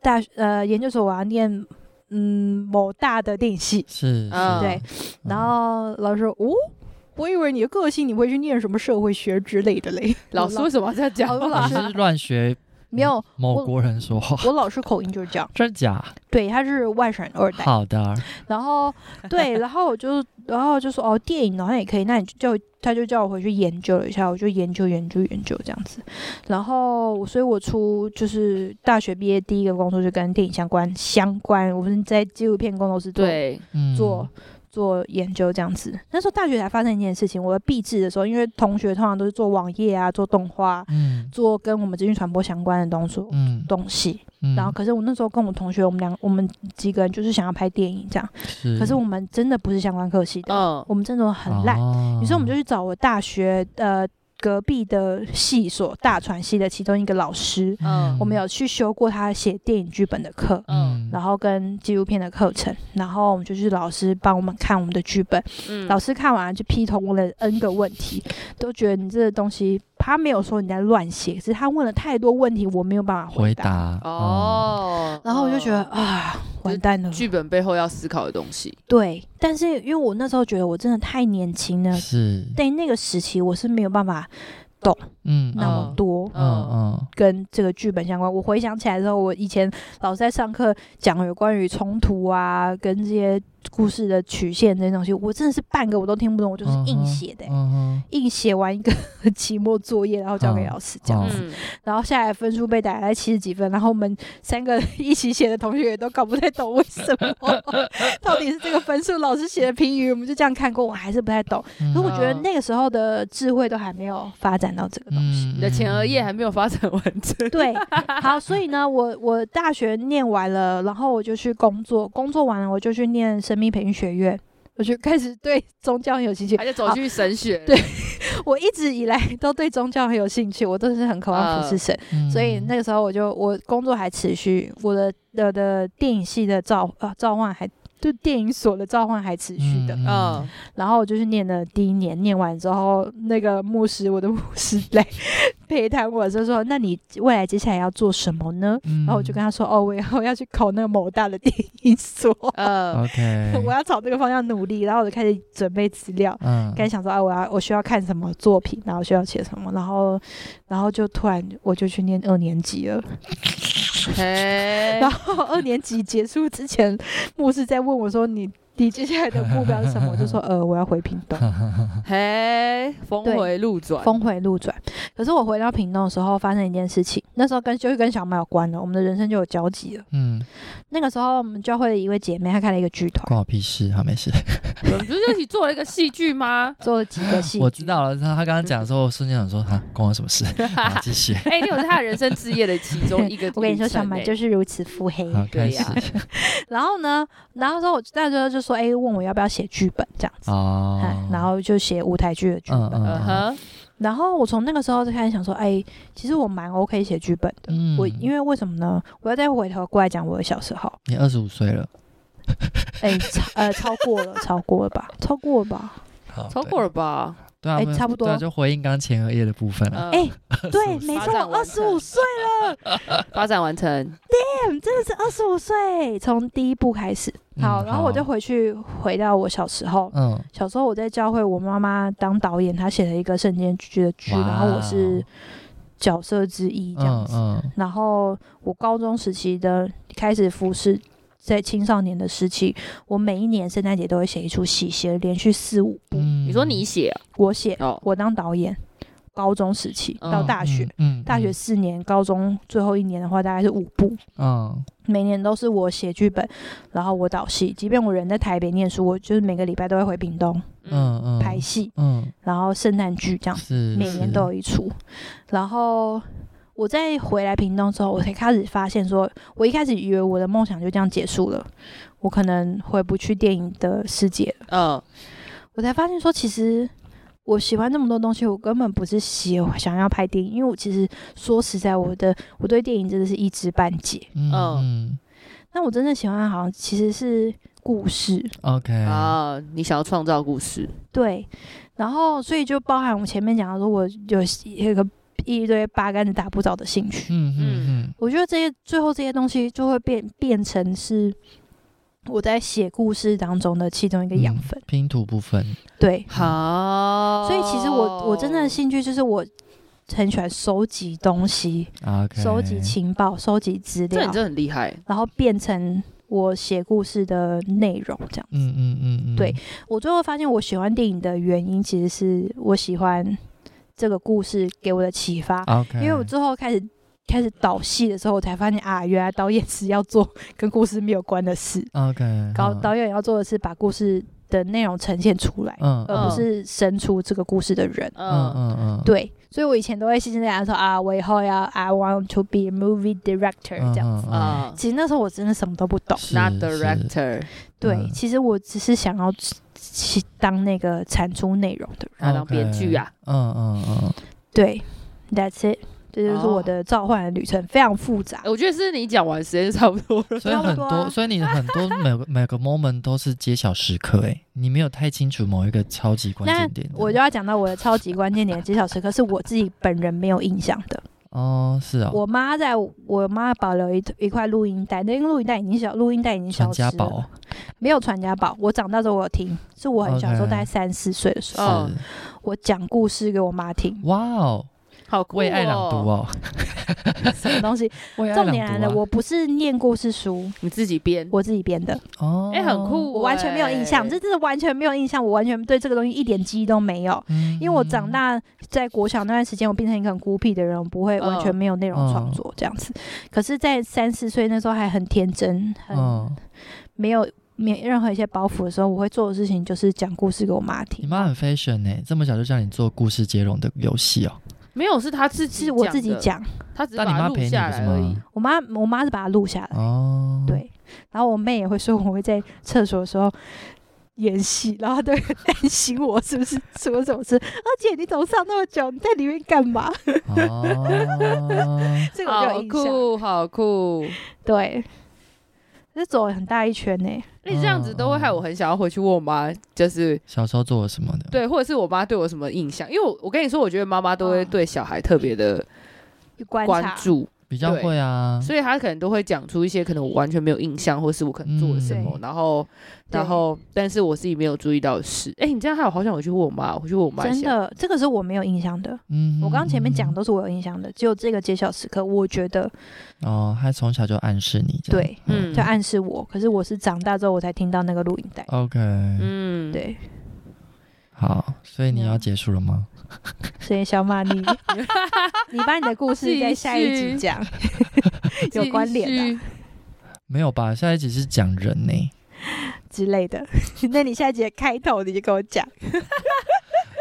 大呃研究所我要念嗯某大的電影系，是啊對、哦。然後老師說、嗯、哦。我以為你的個性你會去念什麼社會學之類的嘞？老師為什麼要這樣講？ 老師是亂學，沒 有、嗯、某國人說話，我老師口音就是這樣， 真假？對，他是外省二代。好的，然後對，然後我就然後就說哦，電影好像也可以，那你就叫他就叫我回去研究了一下，我就研究研究研究，研究這樣子，然後所以我出就是大學畢業第一個工作就跟電影相關相關，我們在紀錄片工作室對做。對嗯做做研究這樣子，那時候大學才發生一件事情。我畢製的時候，因為同學通常都是做網頁啊、做動畫、嗯、做跟我們資訊傳播相關的東東、嗯、東西。嗯、然後，可是我那時候跟我同學，我們兩我們幾個人就是想要拍電影這樣。是可是我們真的不是相關科系的，哦、我們真的很爛。於、哦、是我們就去找我大學呃。隔壁的系所大傳系的其中一個老師，嗯，我們有去修過他寫電影劇本的課，嗯，然後跟紀錄片的課程，然後我們就去老師幫我們看我們的劇本，嗯，老師看完就劈頭問了 N 個問題，都覺得你這個東西。他沒有說你在亂寫，可是他問了太多問題，我沒有辦法回答。回答哦，然後我就覺得、哦、啊，完蛋了。劇本背後要思考的東西。對，但是因為我那時候覺得我真的太年輕了，是。但那個時期，我是沒有辦法懂嗯那麼多、哦、嗯嗯、哦、跟這個劇本相關。哦、我回想起來之後，我以前老是在上課講有關於衝突啊，跟這些。故事的曲線這些東西，我真的是半個我都聽不懂。我就是硬寫的，欸，uh -huh, uh -huh. 硬寫完一個期末作業，然後交給老師這樣子。Uh -huh. 然後下來分數被打在七十幾分，然後我們三個一起寫的同學也都搞不太懂為什麼。 到底是這個分數，老師寫的評語，我們就這樣看過，我還是不太懂。Uh -huh. 可我覺得那個時候的智慧都還沒有發展到這個東西，你的前額葉還沒有發展完，對，好，所以呢，我我大學念完了，然後我就去工作，工作完了我就去念生神秘密培訓學院，我就開始對宗教很有興趣，而且走去神學。對，我一直以來都對宗教很有興趣，我真的是很渴望服事神、呃。所以那個時候，我就我工作還持續，我的，呃、的的電影系的召啊召喚還。就電影所的召喚還持續的，嗯，嗯，然後我就是念了第一年，念完之後，那個牧師，我的牧師來 陪談我，就說：“那你未來接下來要做什麼呢？”嗯、然後我就跟他說：“哦，我以後要去考那個某大的電影所，嗯 ，OK，我要朝這個方向努力。”然後我就開始準備資料，嗯，開始想說：“啊，我要我需要看什麼作品，然後需要寫什麼。”然後，然後就突然我就去念二年級了。 Hey. 然後二年級結束之前， 牧師在問我說：“你。”你接下來的目標是什麼？我就說，呃，我要回屏東。嘿，峰回路轉。峰回路轉。可是我回到屏東的時候，發生一件事情。那時候跟就是跟小麥有關了，我們的人生就有交集了。嗯，那個時候我們教會的一位姐妹，她開了一個劇團。關我屁事、啊，她沒事。我們不是一起做了一個戲劇嗎？做了幾個戲。我知道了。她她剛剛講的時候，瞬間想說她關我什麼事？繼 繼續。哎，這是他的人生事業的其中一個。我跟你說，小麥就是如此腹黑。對呀。 然後呢，然後說我那時候就是。說哎，問我要不要寫劇本這樣子、oh. 嗯，然後就寫舞台劇的劇本。Uh -huh. 然後我從那個時候就開始想說，哎，其實我蠻 OK 寫劇本的。嗯、我因為為什麼呢？我要再回頭過來講我的小時候。你二十五歲了？哎，超，呃，超過了， 超過了吧？超過了吧？超過了吧？哎、欸，差不多、啊，就回應剛前一頁的部分了。哎、欸，對，沒錯，我二十五歲了，發展完成。 Damn 真的是二十五歲，從第一部開始、嗯。好，然後我就回去回到我小時候。嗯，小時候我在教會，我媽媽當導演，她寫了一個聖經劇的劇、wow，然後我是角色之一這樣子。嗯嗯、然後我高中時期的開始服侍。在青少年的時期，我每一年聖誕節都會寫一出戲，寫了連續四五部。嗯、你說你寫、啊，我寫，oh. 我當導演。高中時期到大學，嗯、oh.，大學四年，oh. 高中最後一年的話大概是五部，嗯、oh.，每年都是我寫劇本，然後我導戲。即便我人在台北念書，我就是每個禮拜都會回屏東，嗯、oh. 嗯，拍戲，嗯，然後聖誕劇這樣，oh. 每年都有一出，oh. 然後。我在回來屏東之後，我才開始發現說，說我一開始以為我的夢想就這樣結束了，我可能回不去電影的世界。嗯、oh.，我才發現說，其實我喜歡那麼多東西，我根本不是喜歡想要拍電影，因為我其實說實在，我的我對電影真的是一知半解。嗯、oh.，那我真的喜歡的好像其實是故事。OK 啊、oh,，你想要創造故事？對，然後所以就包含我們前面講的，如果我有有一個。一堆八竿子打不着的興趣，嗯嗯嗯，我覺得這些最後這些東西就會變變成是我在寫故事當中的其中一個養分，嗯，拼圖部分，對，好。所以其實我我真正的興趣就是我很喜歡收集東西，啊，收集情報，收集資料，這很厲害。然後變成我寫故事的內容，這樣子，嗯嗯嗯嗯，對，我最後發現我喜歡電影的原因，其實是我喜歡。這個故事給我的啟發，Okay. 因為我最後開始開始導戲的時候，我才發現啊，原來導演是要做跟故事沒有關的事。導、Okay. Oh. 導演要做的是把故事的內容呈現出來，Oh. 而不是生出這個故事的人。嗯嗯嗯，對。所以，我以前都會心心念念說啊，我以後要 I want to be a movie director，嗯、這樣子，嗯。其實那時候我真的什麼都不懂，not director。對，對、嗯，其實我只是想要去當那個產出內容的，拿當編劇啊。嗯嗯嗯，對，that's it。這就是我的召喚的旅程，oh. 非常複雜。我覺得是你講完時間差不多了，差不多，啊，所以很多，所以你很多每 每個 moment 都是揭曉時刻，欸。哎，你沒有太清楚某一個超級關鍵點。那我就要講到我的超級關鍵點的揭曉時刻，是我自己本人沒有印象的。Oh, 哦，是啊。我媽在我媽保留一一塊錄音帶，那個錄音帶已經小，錄音帶已經小了。傳家寶，沒有傳家寶。我長大之後我有聽，是我很小時候大概三四歲的時候，okay. 哦、我講故事給我媽聽。哇哦！好哦、我也愛朗讀哦，什麼東西？重點來了，我不是念故事書，你自己編，我自己編的哦。哎、欸，很酷，我、欸、完全沒有印象、欸，這真的完全沒有印象，我完全對這個東西一點記憶都沒有。嗯、因為我長大在國小那段時間，我變成一個很孤僻的人，我不會完全沒有內容創作這樣子。哦哦、可是，在三四歲那時候，還很天真，很沒有沒有任何一些包袱的時候，我會做的事情就是講故事給我媽聽。你媽很 fashion 呢、欸？這麼小就叫你做故事接龍的遊戲哦。沒有，是他自己是我自己講，他只是把它錄下來而已、啊。我媽，我媽是把它錄下來。哦，對。然後我妹也會說，我會在廁所的時候演戲，然後她都很擔心我是不是說 什麼事。啊、哦、姐，你怎麼上那麼久，你在裡面幹嘛？哦， 這個就好酷，好酷，對。是走了很大一圈呢、欸，你這樣子都會害我很想要回去問我媽，就是小時候做了什麼的，Oh, oh. 對，或者是我媽對我什麼印象，因為我我跟你說，我覺得媽媽都會對小孩特別的關關注。Oh. 關注比較會啊，所以他可能都會講出一些可能我完全沒有印象，或是我可能做了什麼，嗯、然後，然後，但是我自己沒有注意到的事。哎、欸，你知道他有好想我去問我媽，我去問我媽。真的，這個是我沒有印象的。嗯，我剛剛前面講都是我有印象的，嗯，只有這個揭曉時刻，我覺得，哦，他從小就暗示你，對，嗯，就暗示我。可是我是長大之後我才聽到那個錄音帶。OK，嗯，對，好，所以你要結束了嗎？嗯所以小馬你 你把你的故事在下一集講， 有關聯的？啊，沒有吧？下一集是講人呢，之類的， 那你下一集開頭你就跟我講。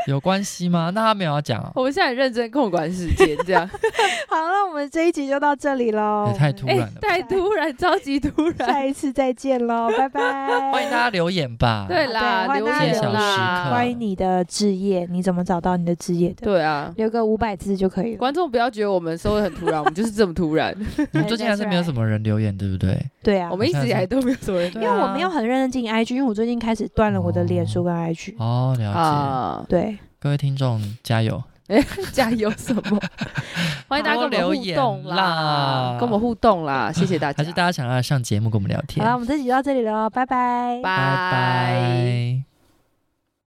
有關係嗎？那他沒有要講、哦、 我們現在認真控管時間，這樣 好，那我們這一集就到這裡嘍、欸。太突然了、欸太突然了欸，太突然，超級突然。下一次再見嘍， 拜拜。歡迎大家留言吧。對啦，對啦留言啦。歡迎你的志業，你怎麼找到你的志業的？對啊，留個五百字就可以了。觀眾不要覺得我們收的很突然， 我們就是這麼突然。我 們最近還是沒有什麼人留言， 對不、啊、對？對啊，我們一直以來都沒有什麼人。啊、 因為我沒有很認真進 IG，因為我最近開始斷了我的臉書跟 IG 哦。哦，了解。啊、對。各位聽眾，加油！哎， 加油什麼？ 歡迎大家跟我們互動啦,啦，跟我們互動啦，謝謝大家。 還是大家想要上節目跟我們聊天？好，我們這集就到這裡了，拜拜，拜拜。Bye bye